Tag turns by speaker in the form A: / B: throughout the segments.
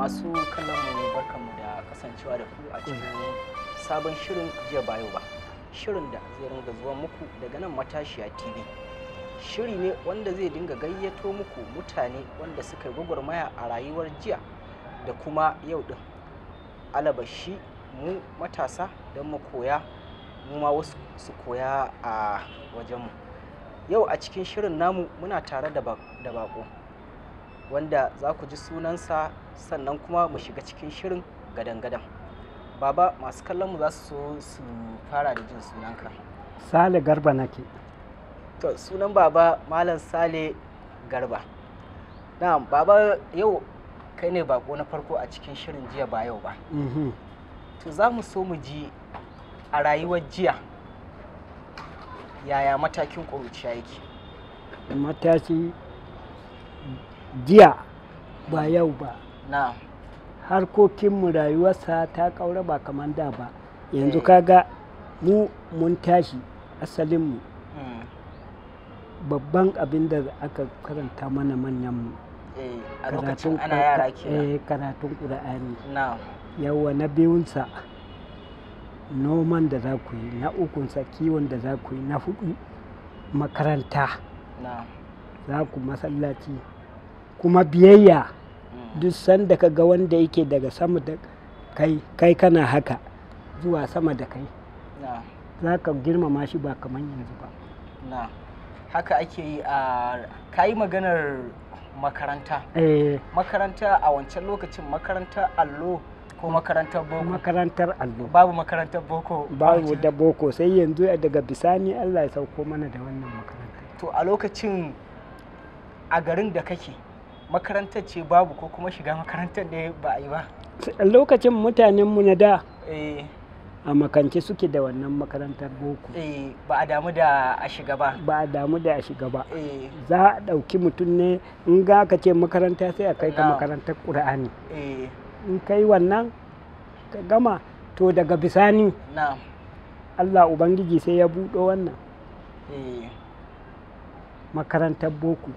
A: masu kallon
B: mu barkamu da kasancewa da ku a cikin sabon shirin jiya bayo ba shirin da zai ringa zuwa muku daga nan matashiya tv shiri ne wanda zai dinga gayyato muku mutane wanda suka yi gwagwarmaya a rayuwar jiya da kuma yau din alabashi mu matasa don mu koya mu ma wasu su koya a wajenmu yau a cikin shirin namu muna tare da bako wanda za ku ji sunansa sannan kuma mu shiga cikin shirin gadan-gadan baba masu kallon za su so su fara da jin sunanka
A: sale garba nake
B: to sunan baba malam sale garba na'am baba yau kai ne bako na farko a cikin shirin jiya ba yau ba mhm. to za mu so mu ji a rayuwar jiya yaya matakin ƙuruciya yake
A: mataki jiya ba yau ba harkokinmu rayuwarsa ta kaura ba kamar da ba yanzu eh. kaga mu mun tashi asalinmu hmm. babban abin da aka karanta mana manyanmu
B: eh, karatun
A: ƙura'ani eh, yawa na biyunsa noman da za ku yi na ukunsa kiwon da za ku yi na hudu makaranta za ku masallaci kuma biyayya hmm. duk sanda ka ga wanda yake daga sama da kai kai kana haka zuwa sama da kai za ka girmama shi ba kamar yanzu ba
B: haka ake yi a kayi maganar makaranta eh. makaranta a wancan lokacin makarantar allo ko makarantar boko makarantar allo babu makarantar boko babu da
A: boko sai yanzu daga bisani allah ya sauko mana da wannan makaranta to a lokacin a garin da kake
B: makarantar ce babu ko kuma shiga makarantar da ba a yi ba
A: lokacin mutanen mu na da eh. a makance suke da wannan makarantar boko
B: eh, ba a damu da a shiga ba
A: ba a damu da a shiga ba eh. za a ɗauki mutum ne in ga ka ce makaranta sai a kai ka makarantar ƙura'ani. in kai wannan ka gama to daga bisani allah ubangiji sai ya buɗo wannan makarantar boko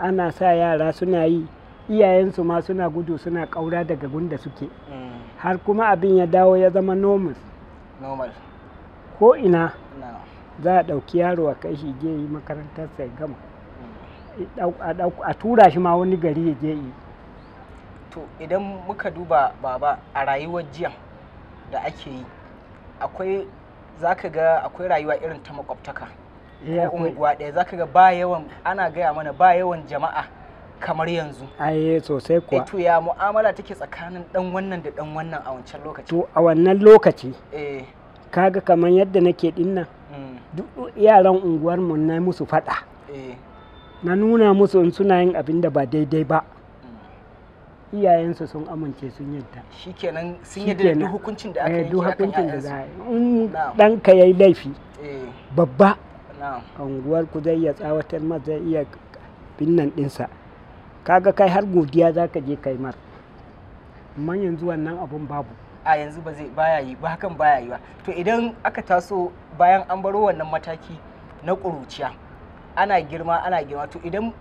A: ana sa yara suna yi iyayensu ma suna gudu suna ƙaura daga gunda suke mm. har kuma abin ya dawo ya zama normal ko ina za a ɗauki yaro a kai shi je yi makarantar sai gama mm. a tura shi ma wani gari ya je yi
B: to idan muka duba baba a rayuwar jiya da ake yi akwai za ka ga akwai rayuwa irin ta makwabtaka
A: Eh, unguwa
B: ɗaya zaka ga ba yawan ana gaya mana ba yawan jama'a kamar yanzu
A: aye sosai kuwa eh, to
B: ya mu'amala take tsakanin dan wannan da dan wannan a wancan lokaci
A: to a wannan lokaci eh kaga kamar yadda nake dinnan hmm. duk yaran unguwar mu na musu fada eh. na nuna musu in suna yin abin da ba daidai ba iyayensu sun amince sun yadda
B: shikenan sun yadda duk hukuncin da aka yi duk hukuncin da za a yi in
A: ɗanka ya yi laifi babba unguwar ku zai iya tsawatar masa zai iya binnan ɗinsa kaga kai har godiya za ka je kai mar amma yanzu wannan abun babu
B: a yanzu ba zai baya yi ba hakan baya yi ba to idan aka taso bayan an baro wannan mataki na ƙuruciya ana girma ana girma to idan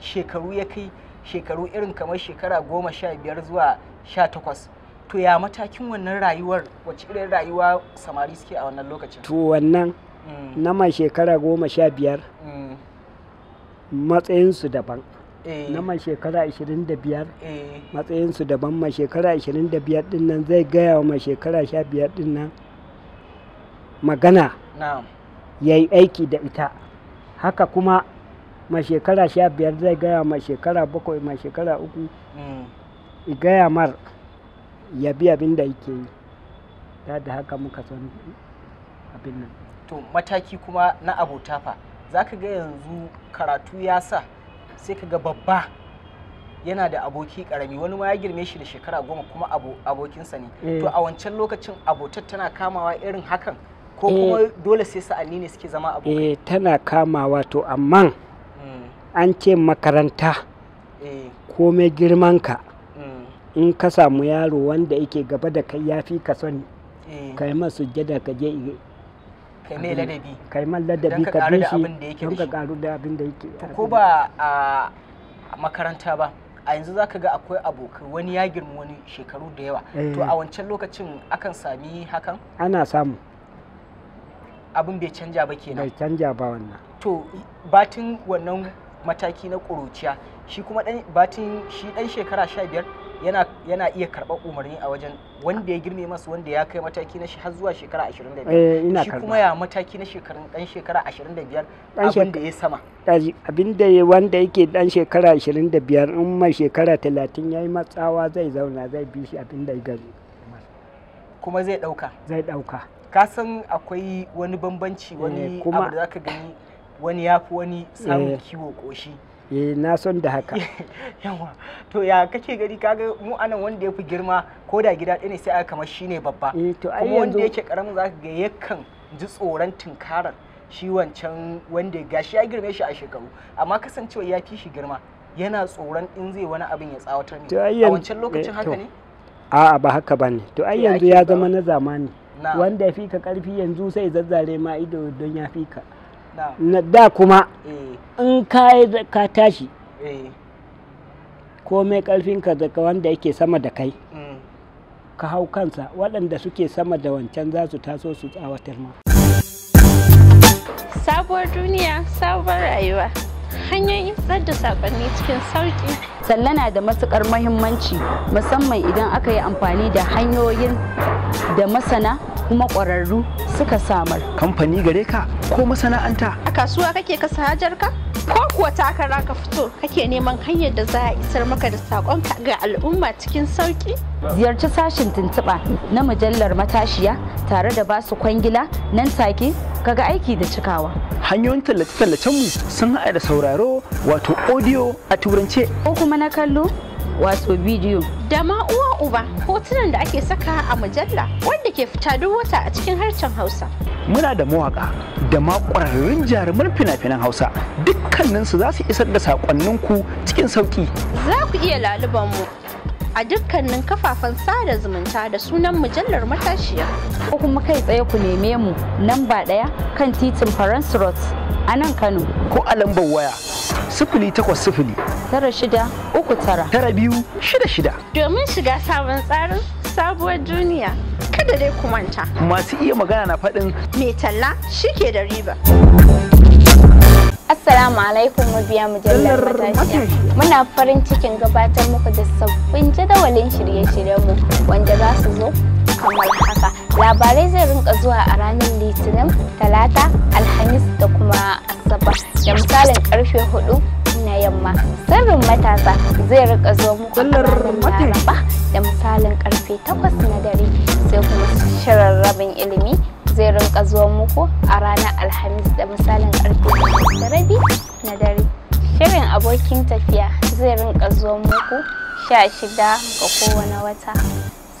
B: shekaru ya kai shekaru irin kamar shekara goma sha biyar zuwa sha takwas to ya matakin wannan rayuwar wacce irin rayuwa samari suke a wannan lokacin to
A: wannan mm. na mai shekara goma sha biyar mm. matsayinsu daban eh. na mai shekara 25 eh. matsayinsu daban mai shekara 25 din nan zai gaya wa mai shekara 15 din nan magana ya yi aiki da ita haka kuma mai shekara 15 zai gaya mai shekara 7 mai shekara 3 mm. gaya mar ya bi abin da yake yi da haka muka son abin nan
B: to mataki kuma na abota fa za ka ga yanzu karatu ya sa sai ka ga babba yana da aboki karami wani ma ya girme shi da shekara goma kuma abokinsa ne eh. to a wancan lokacin abotar tana kamawa irin hakan ko kuma eh. dole sai sa'anni ne suke zama abokai
A: eh tana kamawa to amma
B: hmm.
A: an ce makaranta eh. komai ka in ka samu yaro wanda yake gaba da kai ya fi ka sani. Eh. ka yi masu jada ka je Ka yi mai ladabi ka bi shi don ka karu da abin da yake to ko ba
B: a makaranta ba a yanzu zaka ga akwai abokai wani ya girma wani shekaru da yawa to eh. a wancan lokacin akan sami hakan ana samu abin bai canja ba kenan bai
A: canja ba wannan
B: to batun wannan mataki na ƙuruciya shi kuma batin shi dan shekara sha biyar yana yana iya karɓar umarni a wajen wanda ya girme masa wanda ya kai mataki na shi har zuwa shekara 25 eh, shi kuma ya mataki na shekarun dan shekara 25 abin
A: da ya sama abin da wanda yake dan shekara 25 in mai shekara 30 yayi matsawa zai zauna zai bi shi abin da ya gari
B: kuma zai dauka zai dauka ka san akwai wani
A: bambanci wani eh, abu da zaka gani wani
B: ya fi wani samun eh. kiwo koshi
A: eh na son da haka
B: yawa to ya kake gari kaga mu anan wanda yafi girma ko da gida ɗaya ne sai aka kamar shine babba eh to ai kuma wanda yake karamin zaka ga yakan ji tsoron tunkarar shi wancan wanda gashi ya girme shi a shekaru amma kasancewa ya fi shi girma yana tsoron in zai wani abin ya tsawatar ne a wancan lokacin eh, haka ne
A: a'a ba haka bane to ai yanzu ya zama na zamani wanda ya fi ka karfi yanzu sai zazzare ma ido don ya fi ka na da kuma eh. in ka ka tashi eh. komai karfinka daga wanda yake sama da kai mm. ka hau kansa waɗanda suke sama da wancan za su taso su tsawatar ma
C: sabuwar duniya sabuwar rayuwa hanyar isar da saƙonni cikin sauƙi Talle na da matukar mahimmanci musamman idan aka yi amfani da hanyoyin da masana kuma ƙwararru suka samar
B: kamfani gare ka ko masana'anta
C: a kasuwa kake kasa hajar ka ko kuwa takara ka fito kake neman hanyar da za a isar maka da saƙonka ga al'umma cikin sauƙi ziyarci sashen tuntuɓa na mujallar matashiya tare da basu kwangila nan take kaga aiki da cikawa hanyoyin tallace-tallacenmu sun haɗa da sauraro wato audio a turance ko kuma na kallo wato bidiyo da ma uwa uba hotunan da ake saka a mujalla wanda ke fita duk wata a cikin harshen hausa muna da
A: mawaka da ma ƙwararrun jaruman fina-finan hausa dukkaninsu za su isar da saƙonninku cikin sauƙi
C: za ku iya laluban mu a dukkanin kafafen sada zumunta da sunan mujallar matashiya. Ko kuma kai tsaye ku neme mu nan ba ɗaya kan titin Faransu Road a nan Kano. Ko
B: a lambar waya sifili takwas sifili.
C: Tara shida
B: uku tara. Tara biyu shida shida.
C: Domin shiga sabon tsarin sabuwar duniya. Kada dai ku manta. Masu iya magana na faɗin. Mai talla shike da riba. Assalamu alaikum mabiya mujallar matashiya. Muna farin cikin gabatar muku da sabbin jadawalin shirye-shiryenmu wanda za su zo kamar haka. Labarai zai rinka zuwa a ranar Litinin, Talata, Alhamis da kuma Asabar da misalin karfe hudu na yamma sirrin matasa zai rika zo muku laraba da misalin karfe 8 na dare sai kuma shirin rabin ilimi zai rinka zuwa muku a ranar alhamis da misalin karfe da rabi na dare shirin abokin tafiya zai rinka zuwa muku sha shida ga kowane wata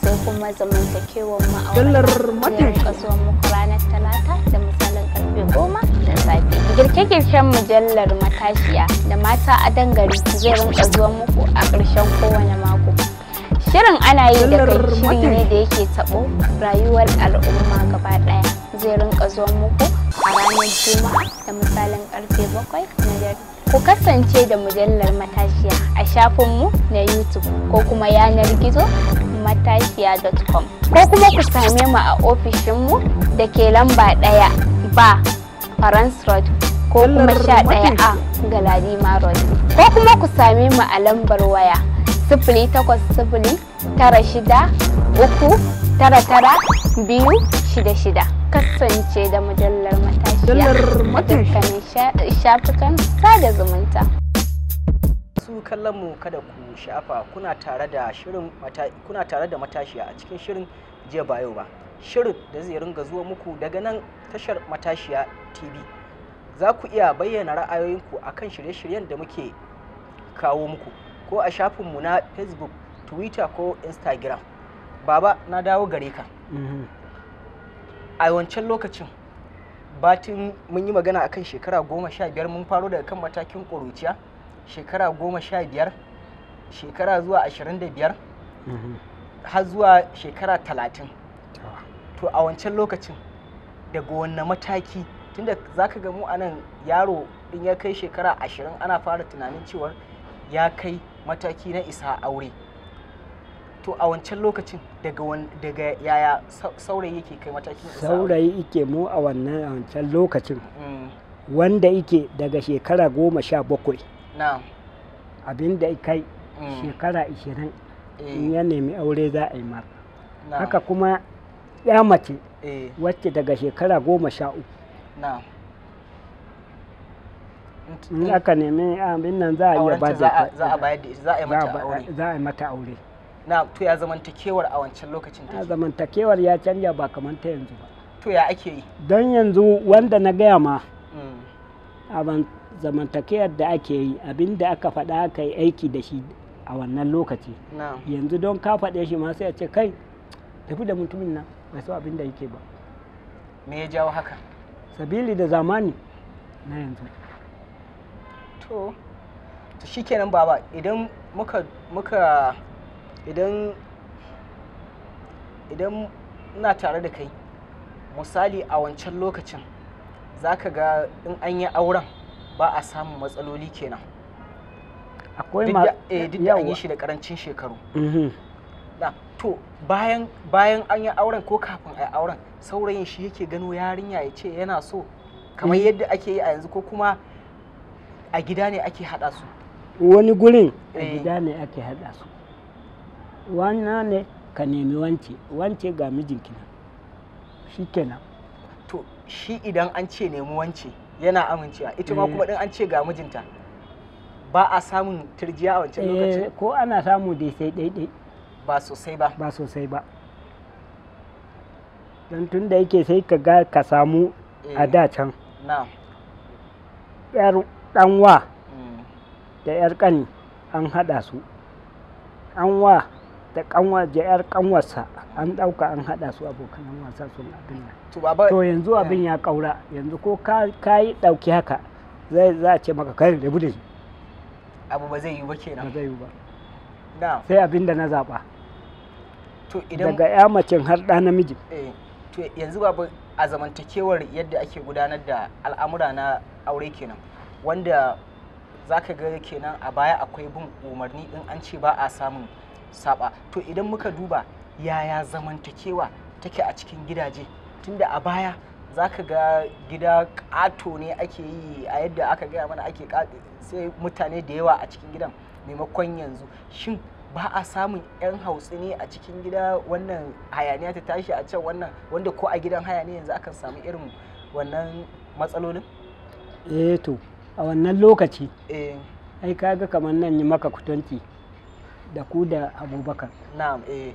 C: sai kuma zamantakewar ma'aurata zai rinka zuwa muku ranar talata da misalin karfe goma safe. Girke-girken mujallar matashiya da mata a dangare zai rinka zuwa muku a ƙarshen kowane mako. Shirin ana yi da kai ne da yake taɓo rayuwar al'umma gaba ɗaya zai rinka zuwa muku a ranar Juma'a da misalin ƙarfe bakwai na dare. Ku kasance da mujallar matashiya a shafinmu na YouTube ko kuma yanar gizo matashiya.com ko kuma ku same mu a ofishinmu da ke lamba ɗaya ba farans road ko kuma sha ɗaya a galadima road ko kuma ku sami mu a lambar waya sifili takwas sifili tara shida uku tara tara biyu shida shida kasance da mujallar matashiya a dukkanin shafukan sada zumunta
B: su kallon mu kada ku shafa kuna tare da shirin kuna tare da matashiya a cikin shirin jiya ba yau ba shirin da zai ringa zuwa muku daga nan tashar matashiya tv za ku iya bayyana ra'ayoyinku akan shirye-shiryen da muke kawo muku ko a shafinmu na facebook twitter ko instagram baba na dawo gare ka mhm. a wancan lokacin batin mun yi magana akan shekara goma sha biyar mun faro daga kan matakin ƙuruciya shekara goma sha biyar shekara zuwa ashirin da biyar mhm. har zuwa shekara talatin to a wancan lokacin daga wanne mataki tunda za ka ga mu a nan yaro in ya kai shekara ashirin ana fara tunanin cewar ya kai mataki na isa aure to a wancan lokacin daga yaya saurayi yake kai matakin isa saurayi
A: ike mu a wannan a wancan lokacin mm. wanda ike daga shekara goma sha bakwai abinda kai mm. shekara ashirin in eh. ya nemi aure za a yi mara haka kuma ya mace eh. wacce daga shekara goma sha uku in aka nemi abin nan za a yi ba da za a
B: za a yi mata aure za
A: a yi mata aure
B: na to ya kewar
A: a wancan lokacin ta zamantakewar ya canja ba kamar ta yanzu ba
B: to ya ake yi
A: don yanzu wanda na gaya ma hmm. abin zamantakewar da ake yi abin da aka faɗa aka yi aiki da shi a wannan lokaci yanzu don ka faɗe shi ma sai a ce kai tafi da mutumin nan bai so abin da yake ba
B: me ya jawo haka
A: sabili da zamani na yanzu
B: to to shikenan baba idan muka muka idan idan ina tare da kai misali a wancan lokacin za ka ga in an yi auren ba a samun matsaloli kenan
A: akwai ma eh, duk da an yi shi
B: da karancin shekaru mm-hmm. to bayan bayan an yi auren ko kafin a yi auren saurayin shi yake gano yarinya ya ce yana so kamar eh. yadda ake yi a yanzu ko kuma a gida ne ake haɗa su
A: wani gurin a eh. gida ne ake haɗa su wani ne ka nemi wance wance ga mijinki nan shi kenan to shi
B: idan an ce nemi wance yana amincewa ita ma eh. kuma din an ce ga mijinta ba a samun turjiya a wancan lokacin
A: ko ana samu dai sai daidai
B: ba sosai ba ba sosai
A: ba don tun da yake sai ka ga ka samu a eh, da can yar ɗanwa mm. da yar kani an haɗa su ɗanwa da ƙanwa da yar ƙanwarsa an ɗauka an haɗa su abokan wasa sun abin nan to yanzu eh. abin ya kaura yanzu ko ka yi ɗauki haka zai za a ce maka kai da budi
B: abu ba zai yi ba kenan ba zai yi ba
A: sai abin da na zaɓa daga ya macen har ɗa namiji
B: eh, to yanzu babu a zamantakewar yadda ake gudanar da al'amura na aure kenan wanda za ka ga kenan a baya akwai bin umarni in an ce ba a samun saba to idan muka duba yaya zamantakewa take a cikin gidaje tunda a baya za ka ga gida ƙato ne ake yi a yadda aka gaya mana ake sai mutane da yawa a cikin gidan maimakon yanzu shin ba a samun 'yan hausi ne a cikin gida wannan hayaniya ta tashi a can wannan wanda ko a gidan hayaniya yanzu akan samu irin wannan matsalolin?
A: eh to a wannan lokaci eh ai kaga kamar nan yi maka kutanci da ku da abubakar na'am eh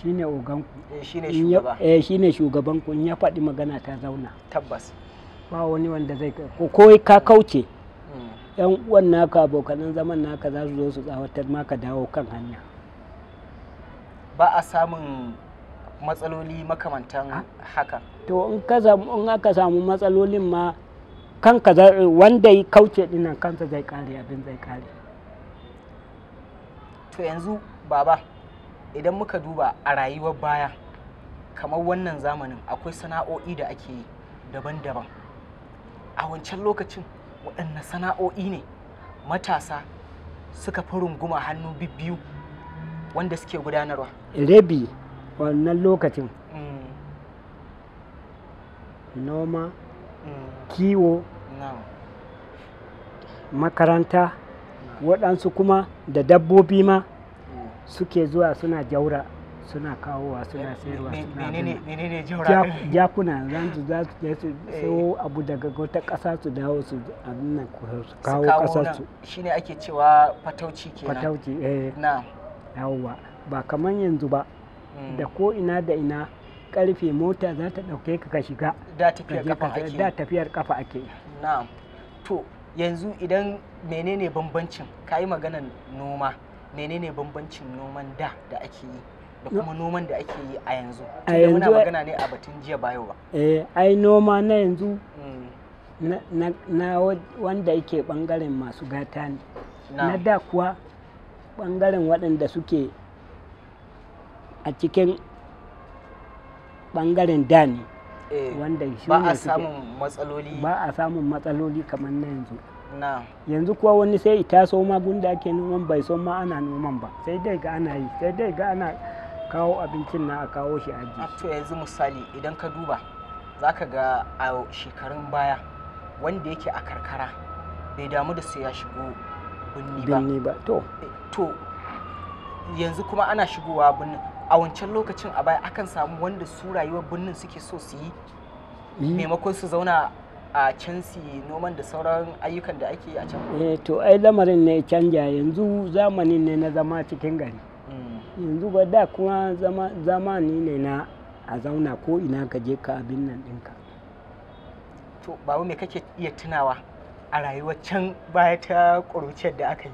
A: shine oganku eh shine shugaba eh shine shugaban ku ya faɗi magana ta zauna tabbas ba wani wanda zai ko ko ka kauce yan uwan naka abokanan zaman naka za su zo su tsawatar maka dawo kan hanya
B: ba a samun matsaloli makamantan ah. haka
A: to in ka in aka samu matsalolin ma kanka wanda ya kauce dinan kansa zai kare abin zai kare
B: to yanzu baba idan muka duba a rayuwar baya kamar wannan zamanin akwai sana'o'i da ake daban-daban a wancan lokacin waɗanne sana'o'i ne matasa suka fi runguma hannu biyu wanda suke gudanarwa
A: rabi wannan lokacin mm. noma mm. kiwo makaranta waɗansu kuma da dabbobi ma mm. suke zuwa suna jaura suna kawowa
B: suna sayarwa suna menene
A: jakuna su za su je su eh. sayo abu daga wata kasa su dawo su abinnan su kawo kasa su
B: shine ake cewa fatauci kenan fatauci
A: eh na Dawowa ba kaman yanzu ba hmm. da ko ina da ina karfe mota za ta ɗauke ka ka shiga
B: da tafiyar kafa ake da
A: tafiyar kafa ake
B: na'am to yanzu idan menene bambancin kayi maganan noma menene bambancin noman da da ake yi da kuma noman da ake yi a yanzu a yanzu muna magana ne a batun jiya bayo ba
A: eh ai noma na yanzu mm. na wanda yake bangaren masu gata ne na da kuwa bangaren waɗanda suke a cikin bangaren da ne eh, wanda shi ba a samun
B: matsaloli
A: ba a samun matsaloli kamar na yanzu yanzu kuwa wani sai ita so ma gunda ake noman bai son ma ana noman ba sai dai ga ana yi sai dai ga ana kawo abincin na a kawo shi aji
B: ah, to yanzu misali idan ka duba za ka ga a shekarun baya wanda yake a karkara bai damu da su ya shigo
A: binni ba to eh,
B: to yanzu kuma ana shigowa binnin a wancan lokacin a baya akan samu wanda su rayuwar birnin suke so su yi maimakon su zauna a can su noman da sauran ayyukan da ake yi a can
A: eh, to ai lamarin ne canja yanzu zamanin ne na zama cikin gari Mm. yanzu ba da kuma zamani ne na a zauna ko ina ka je ka abin nan ɗinka
B: to babu me kake iya tunawa a rayuwar can baya ta ƙuruciyar da aka yi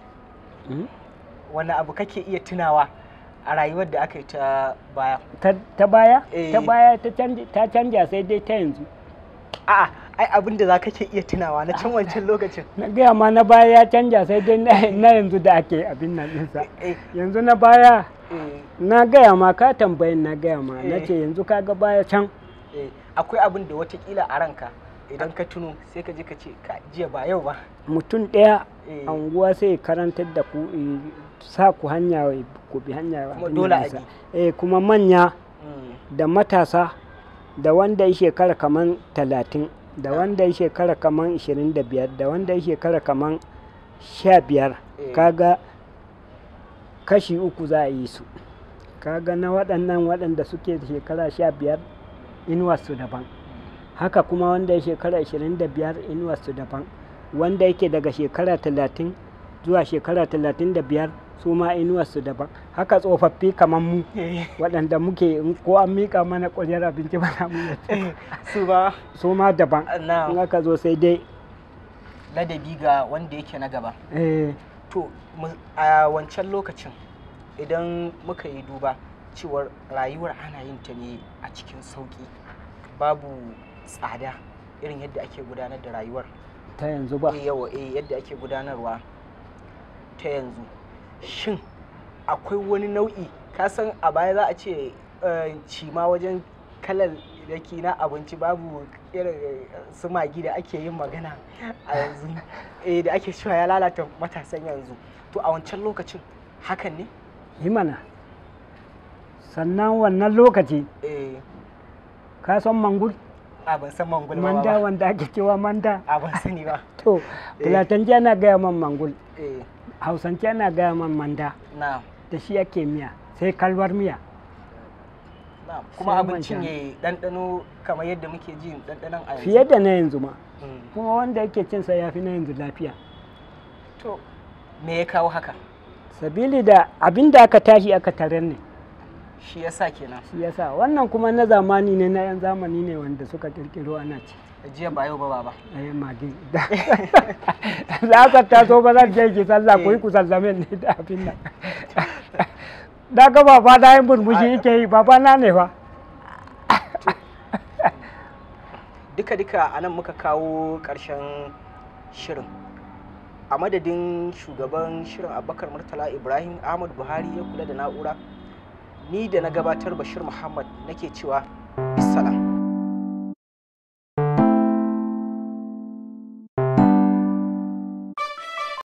B: hmm? wani abu kake iya tunawa a rayuwar da aka yi ta
A: baya ta baya ta eh. baya ta canja sai dai ta yanzu a'a ai abin da za ka ke iya tunawa na can wancan lokacin na gaya ma na baya ya canja sai dai na yanzu da ake abin nan ɗinsa eh, eh. yanzu na baya eh. na gaya ma ka tambayin na gaya ma na ce yanzu ka ga baya can
B: akwai abin da watakila a ranka idan ka tuno sai ka je ka ce ka jiya ba yau ba
A: mutum ɗaya anguwa sai karantar da ku sa ku hanya ku bi hanya kuma dole a kuma manya mm. da matasa da wanda ya shekara kaman talatin da wanda ya shekara kaman ishirin da biyar da wanda ya shekara kaman sha biyar eh. kaga kashi uku za a yi su kaga na waɗannan waɗanda suke shekara sha biyar inuwarsu daban haka kuma wanda ya shekara ishirin da biyar inuwarsu daban wanda yake daga shekara talatin zuwa shekara talatin da biyar su ma inuwarsu daban haka tsofaffi kamar mu eh. waɗanda muke ko an mika mana ƙwaryar abinci ba mu eh, su ma daban in aka zo sai dai
B: ladabi ga wanda yake na gaba eh. to a wancan lokacin idan muka yi duba cewar rayuwar ana yin ta ne a cikin sauƙi babu tsada irin yadda ake gudanar da rayuwar ta yanzu ba yadda ake gudanarwa ta yanzu shin akwai wani nau'i ka san a baya za a ce eh, cima wajen kalar yake na abinci babu su magi da ake yin magana a yanzu eh, da ake cewa ya lalata matasan yanzu to a wancan lokacin hakan ne
A: yi mana sannan wannan lokaci eh. ka san mangul
B: a ban san mangul ba manda wanda ake
A: cewa manda a ban sani ba to bulatan na gaya man mangul Eh. hausance ana gaya man manda da shi ake miya sai kalwar miya
B: kuma abincin ya ɗanɗano kamar yadda muke ji ɗanɗanon a fiye da na yanzu
A: ma mm. kuma wanda yake cin sa ya fi na yanzu lafiya
B: to me ya kawo haka
A: sabili da abin da aka tashi aka tarar ne
B: shi yasa kenan
A: shi yasa wannan kuma na zamani ne na yan zamani ne wanda suka kirkiro ana ce jiya
B: ba yau ba baba eh magi
A: lasar ta so ba zan je ki sallah ko ku sallame ne da abin nan da ga baba da yin burbushi yake yi baba na ne fa
B: duka duka anan muka kawo karshen shirin a madadin shugaban shirin abakar murtala ibrahim ahmad buhari ya kula da na'ura ni da na gabatar bashir muhammad nake cewa